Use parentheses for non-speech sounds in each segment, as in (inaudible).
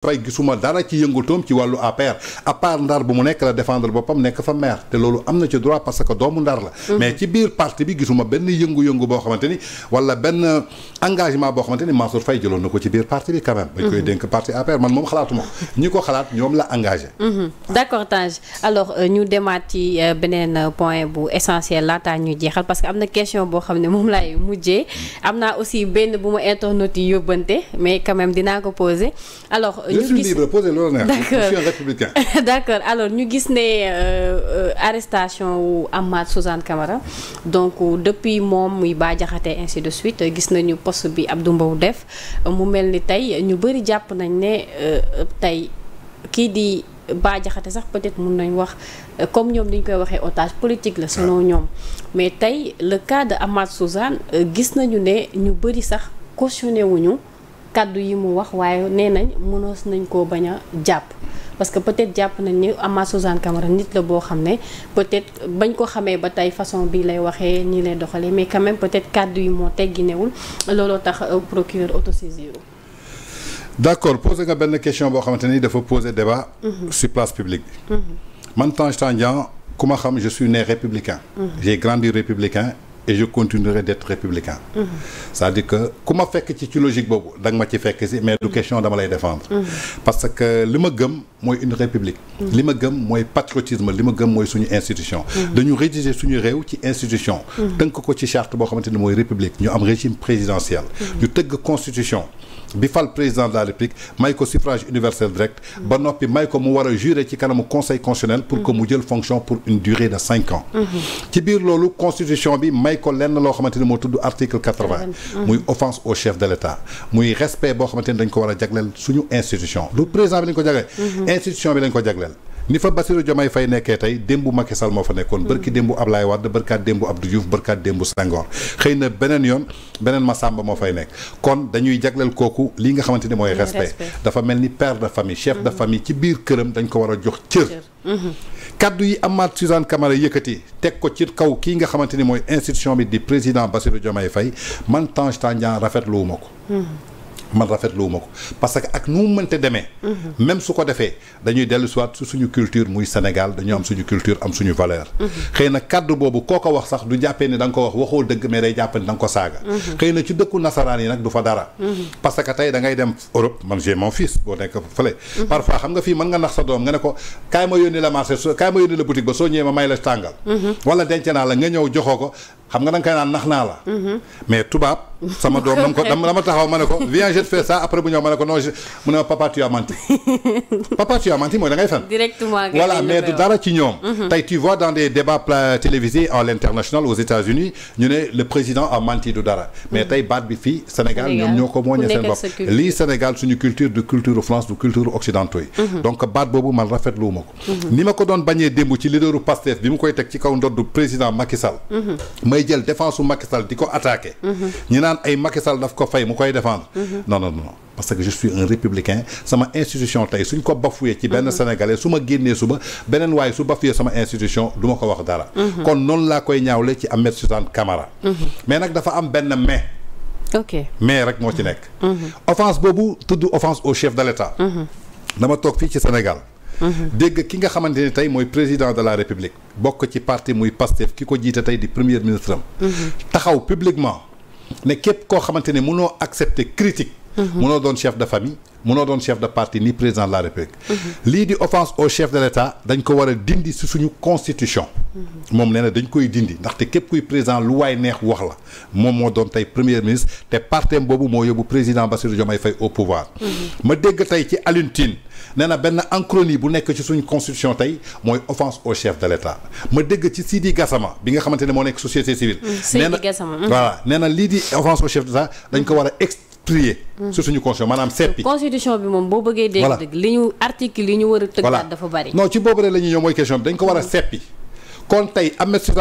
tey gisuma dara ci yëngatoom ci wàllu APR à part ndar bu mu nekk la défendre boppam nekk fa maire te loolu am na ci droit parce que doomu ndar la. Mhm. mais ci biir parti bi gisuma benn yëngu-yëngu boo xamante ni wala benn engagement boo xamante ni Mansour Faye jëloon na ko ci biir parti bi quand bañ koy mhm. dénk parti APR man moom xalaatuma ñi ko xalaat ñoom la engagé. Mhm. d'accord Tange alors euh, ñu demaat ci euh, beneen euh, point bu essentiel laataa ñu jeexal parce ñu gis libre (laughs) d'accord alors ñu gis ne euh, euh, arrestation wu Amath Suzanne Camara donc euh, depuis moom muy Bah Diakhaté ainsi de suite gis nañu post bi Abdou Mbow def mu mel ni tey ñu bëri jàpp nañ ne tey kii di Bah sax peut-être mun nañ wax comme ñoom dañ koy waxee otage politique la selon ñoom mais tey le cas de Amath gis nañu ne ñu bëri sax cautionné wuñu kàddu yi mu wax waaye nee nañ mënoos nañ koo bañ a jàpp parce que peut-être jàpp nañ ni Amath Suzanne Camara nit la boo xam ne peut-être bañ ko xamee ba tey façon bi lay waxee nii lay doxalee mais quand même peut-être kàddu yi moo tegginewul looloo tax procureur autosaisir d'accord posé nga benn question boo xamante ni dafa poser débat mhm. sur place publique bi mhm. man Tange Tandian ku ma xam je suis né républicain mhm. j'ai grandi républicain et je continuerai d'être républicain. Mm-hmm. cest dire que ku ma fekk ci ci logique boobu da nga ma ci fekk si mais du mm-hmm. question dama lay défendre. Mm-hmm. parce que li ma gëm mooy une république. li ma gëm mooy patriotisme li ma gëm mooy suñu institution. dañu rédiger suñu réew ci institution. tënk ko ci charte boo xamante ni mooy république ñu am régime présidentiel. ñu tëgg constitution. bi fal président de la république may ko suffrage universel direct ba noppi may ko mu war a jurer ci kanamu conseil constitutionnel pour que mu jël fonction pour une durée de cinq ans ci biir loolu constitution bi may ko lenn loo xamante moo tudd article quatre-vingt muy l' état muy respect institution bi lañ ko jagleel. ni fa Bassirou Diomaye Faye nekkee tey démbu Macky Sall moo fa nekkoon bërki hmm. démbu Ablaye Wade bërkaat démbu Abdou Diouf bërkaat démbu Senghor xëy na beneen yoon beneen Massamba moo fay nekk kon dañuy jagleel kooku li nga xamante ni mooy respect dafa mel ni père de famille chef de hmm. famille ci biir këram dañ ko war a jox cër hmm. kaddu yi Amath Suzanne Camara yëkkati teg ko ci kaw kii nga xamante ni mooy institution bi di président Bassirou Diomaye Faye man Tange Tandian rafetluwuma ko man rafetluwuma ko parce que ak nu mu mënte demee. Mhm. même su ko defee dañuy dellu siwaat su suñu culture muy Sénégal dañu am suñu culture am suñu valeur. Mhm. xëy na kàddu boobu koo ko wax sax du jàppee ni da nga ko wax waxoo dëgg mais day jàpp ni ko saaga. Mhm. xëy na ci dëkku nasaraan yi nag du fa dara. parce que tey da ngay dem Europe man j'ai mon fils boo nekk fële. parfois xam nga fii mën nga nax sa doom nga ne ko kaay ma yónni la marché kaay ma yónni la boutique sama doom dama ko dama taxaw ma ne ko viens je te fais ça après bu ñëw ma ne ko non je mu ne ma papa tu as menti (laughs) papa tu mooy da fen directement mais du dara ci ñoom mm-hmm. tey tu vois dans des débats télévisés à l'international aux États-Unis ñu ne le président a du dara mais mm-hmm. tey baat bi fii Sénégal ñoom ñoo ko mooñe seen bopp lii Sénégal suñu culture de culture France du culture occidentaux yi mm-hmm. donc baat boobu man rafetlu ma ko ni ma ko doon bañee démb ci leaderu Pastef bi mu koy teg ci kaw ndoddu di ko naan ay Macky Sall daf ko fay mu koy défendre. Mhm. non non non parce que je suis un républicain sama institution tey suñ ko bafoué ci benn mhm. sénégalais su ma génnee suba beneen waaye su bafoué sama institution du ma ko wax dara. Mhm. kon noonu laa koy ñaawle ci Ahmed Suzanne Camara. mais nag dafa am benn mais. ok mais rek moo ci nekk. offense boobu tudd offense au chef de l'État. dama toog fii ci Sénégal. dégg ki nga xamante ni tey mooy président de la république. bokk ci parti muy PASTEF ki ko jiite di premier ministre am. taxaw publiquement ne képp koo xamante ne munoo accepter critique mënoo mhm. doon chef de famille mënoo doon chef de parti ni président de la république mhm. lii di offense au chef de l' dañ ko war a dindi si suñu constitution mhm. moom nee na dañ koy dindi ndaxte képp kuy président lu waay neex wax la moom moo doon tey premier ministre te partem boobu moo yóbbu président Bassirou Diomaye Faye au pouvoir mhm. ma dégg tey ci Alioune Tine nee na benn anachronie bu nekk ci suñu constitution tey mooy offense au chef l' état ma dégg ci Sidi Gassama bi nga xamante ne moo nekk société civile nee na voilà nee na lii di offense au chef d' état dañ ko war a trier. su suñu constitution maanaam seppi. constitution bi moom boo bëggee dégg. voilà li ñu article yi ñu war a tëggaat dafa bari. non ci boobu rek la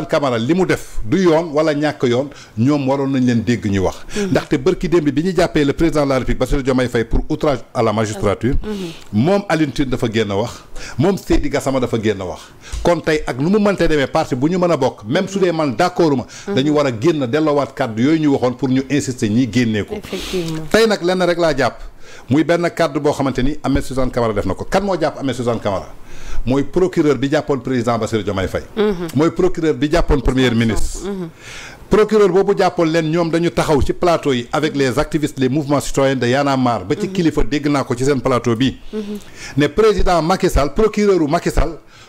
a mm-hmm. ñoom waroon nañ leen dégg ñu wax. Mm-hmm. ndaxte bërki démb bi ñu jàppee le président de la République Bassirou Diomaye pour outrage à la magistrature. Mm-hmm. moom Alioune dafa génn wax moom Seydi Gassama dafa génn wax. kon tey ak nu mu mënte demee parti bu ñu mën a bokk même su dee man d'accordu ma dañu war a génn delloowaat kàddu yooyu ñu waxoon pour ñu insister ñi génnee ko tey nag lenn rek laa jàpp muy benn kaddu boo xamante ni Ahmed Suzanne Camara def na ko kan moo jàpp Ahmed Suzanne Camara mooy procureur bi jàppoon président Bassirou Diomaye Faye mhm. mooy procureur bi jàppoon premier ministre mhm. procureur boobu jàppoon leen ñoom dañu taxaw ci plateau yi avec les activistes les mouvements citoyens de Y'en a marre ba ci kilifa dégg naa ko ci seen plateau bi ne président Macky procureur u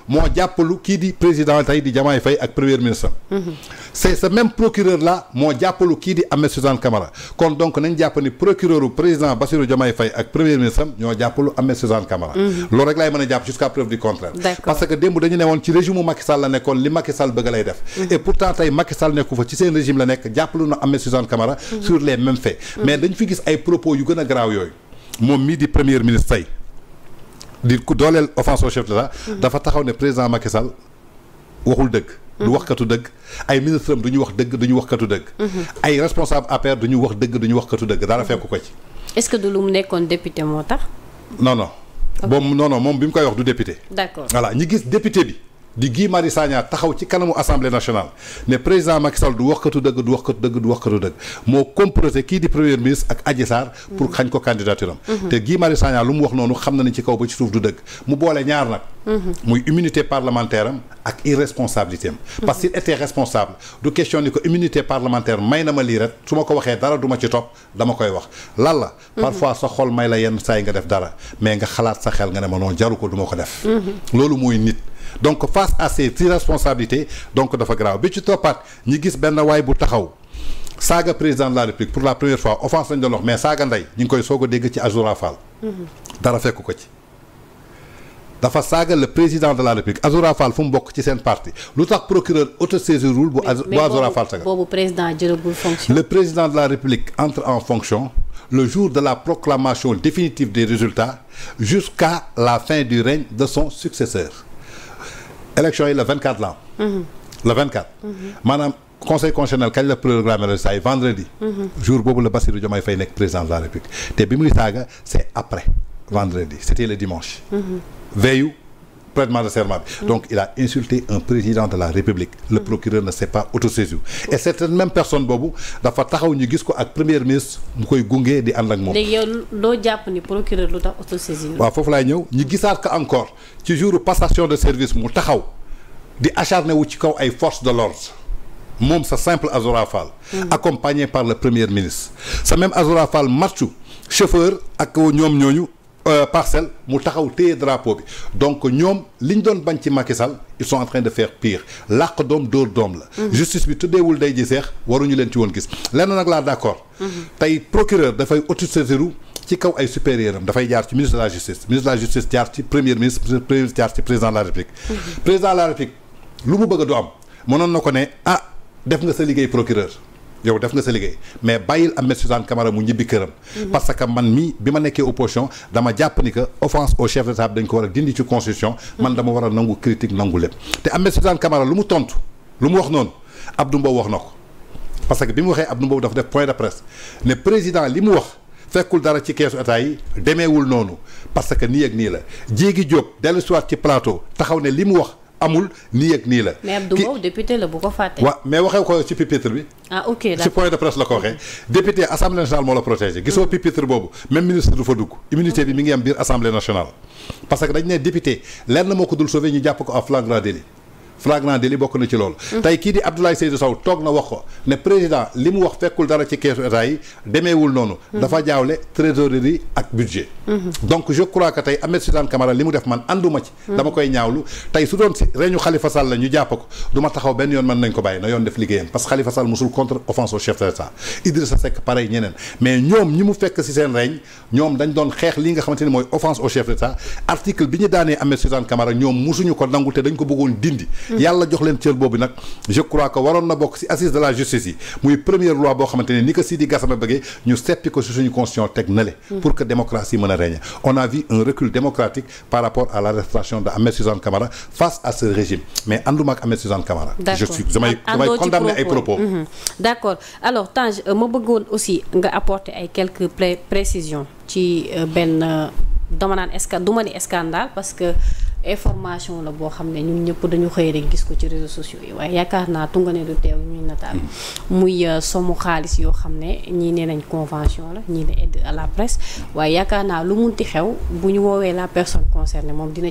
moo jàppalu kii di président tey di Diomaye Faye ak premier di Camara kon donc nañ jàpp procureur u président Bassirou Diomaye Faye ak premier ministre am jàppalu Ahmed Suzanne Camara loolu rek laay mën a jàpp jusqu'à preuve du contraire parce que démb dañu ne woon ci régime u Macky la nekkoon li Macky régime la nekk jàppalu na Ahmed Suzanne Camara sur les mêmes faits mais dañ fi gis ay propos yu gën a garaaw yooyu moom mii di premier ministre tey di ku dooleel offense au chef de l'État dafa taxaw ne président Macky Sall waxul dëgg du waxkatu dëgg ay ministre du ñu wax dëgg du ñu waxkatu dëgg mhm. ay responsable fekk ko ci est lu mu nekkoon député moo tax non non boobu moom bi mu koy wax du député d'accord ñi gis député bi di Guy Marius Sagna taxaw ci kanamu assemblée nationale ne président Macky Sall du waxkatu dëgg du waxkatu dëgg du waxkatu dëgg moo comploté kii di premier ministre ak Adji pour xañ ko candidature am mhm. te Guy Marius Sagna lu mu wax noonu xam na ni ci kaw ba ci suuf du dëgg mu boole ñaar nag mhm. muy immunité parlementaire am ak irresponsabilité am mhm. parce qu'il était responsable du question ni ko immunité parlementaire may na ma lii rek su ma ko waxee dara du ma ci topp dama koy wax lan la parfois sa xol may la yenn saa yi nga def dara mais nga xalaat sa xel nga ne ma noonu jaru ko du ko def donc face à ces irresponsabilités donc dafa grave bi ci toppaat ñi gis benn waay bu taxaw saaga président de la république pour la première fois offense lañ doon wax mais saaga ndey ñu ngi koy soog dégg ci Azoura mhm. dara fekk ko ci. dafa saaga le président de la république Azoura Fall fu mu bokk ci seen parti lu tax procureur autosaisirul bu. bu Azoura Fall saga boobu président jëlagul fonction. le président de la république entre en fonction. le jour de la proclamation définitive des résultats jusqu'à la fin du de son successeur élection yi le 24 la am. le 24. Mm-hmm. maanaam conseil constitutionnel kañ la programme résultat yi vendredi. Mm-hmm. jour boobu la Bassirou Diomaye Faye nekk président la République te bi muy saaga c' après vendredi c' était le dimanche. Mm-hmm. veillu. prêtement de bi. donc il a insulté un président de la république. le procureur ne s'est pas autosaisi. et cette personne boobu dafa taxaw ñu gis ko ak premier ministre mu koy gunge di ànd ak moom. léegi yow jàpp ni procureur lu tax autosaisi. waaw foofu laay ñëw ñu gisaat ko encore ci jour passation de service mu taxaw di acharné ci kaw ay forces de l'ordre moom sa simple Azora Fall. Hmm. accompagné par le premier ministre. sa même Azora Fall marchu Euh, parcelle mu taxaw téye drapeau bi donc ñoom li ñu doon bañ ci Macky Sall ils sont en train de faire pire làq doom dóor doom la. Mhm. justice bi tuddeewul day ji seex ñu leen ci woon gis lenn nag laa d' accord. Mhm. tey procureur dafay autosaisiru ci kaw ay supérieur dafay jaar ci ministre de la justice ministre de la justice jaar ci premier ministre premier ministre jaar ci président de la république. Mhm. président la république lu mu bëgg du am mënoon na ko ne ah def nga sa liggéey procureur. yow def nga sa liggéey mais bàyyil Ahmed Suzanne Camara mu ñibbi këram. Mhm. parce que man mi bi ma nekkee opposition dama jàpp ni que offense au chef d'état dañ ko war a dindi ci constitution. man mhm. dama war a nangu critique nangu lépp. te Ahmed Suzanne Camara lu mu tontu lu mu wax noonu Abdou Mbow wax na ko parce que bi mu waxee Abdou Mbow dafa def point de presse ne président li mu wax. fekkul dara ci keesu état yi demeewul noonu parce que nii ak nii la jéegi jóob dellu siwaat ci plateau taxaw ne li mu wax amul nii ak nii la. mais Abdou Mbow député la bu ko fàtte. waaw mais waxee ko ci pupitre bi. Ah, ci point de presse la ko waxee. député assemblée nationale moo la protégé. gisoo pupitre boobu même ministre du fa dugg. immunité bi mi ngi am biir assemblée nationale. parce que dañ ne député lenn moo ko dul sauvé ñu jàpp ko en flagrant délit. flagrant délit bokk na ci loolu. tey kii di Abdoulaye Seydou Sow toog na wax ko ne président li mu wax fekkul dara ci keesu état yi noonu. dafa jaawle trésorerie ak budget. donc je crois que tey Ahmed Suzanne Camara li mu def man ànduma ci. dama koy ñaawlu tey su doon si reñu Khalifa Sall ñu jàpp ko du ma taxaw benn yoon mën nañ ko bàyyi na yoon def liggéeyam parce que Khalifa Sall musul contre offense au chef de l'état Idrissa Seck pareil ñeneen mais ñoom ñi mu fekk si seen dañ doon xeex li nga xamante ni mooy offense au chef d'état bi ñu daanee Ahmed Suzanne Camara ñoom musuñu ko nangu te dañ ko bëggoon dindi yàlla jox cër boobu nag je crois que waroon na bokk si assise de la justice yi muy première loi boo xamante ni ko Sidi Gassama bëggee ñu seppi ko si suñu constitution teg na le hmm. pour que démocratie mën a régner on a vu un recul démocratique par rapport à l'arrestation de Ahmed Suzanne Camara face à ce régime mais ànduma ak Ahmed Suzanne Camara je hmm. alors Tange euh, ma bëggoon aussi nga apporter ay quelques précisions ci euh, benn euh, dama naan est information la boo xam ne ñun ñëpp dañu xëy rek gis ko ci réseaux sociaux yi waaye yaakaar naa tunga ne du teew ñuy nataal muy euh, somu xaalis yoo xam ne ñii nee nañ convention la ñii ne aide à la presse waaye yaakaar naa lu mun ti xew bu ñu woowee la personne concernée moom dina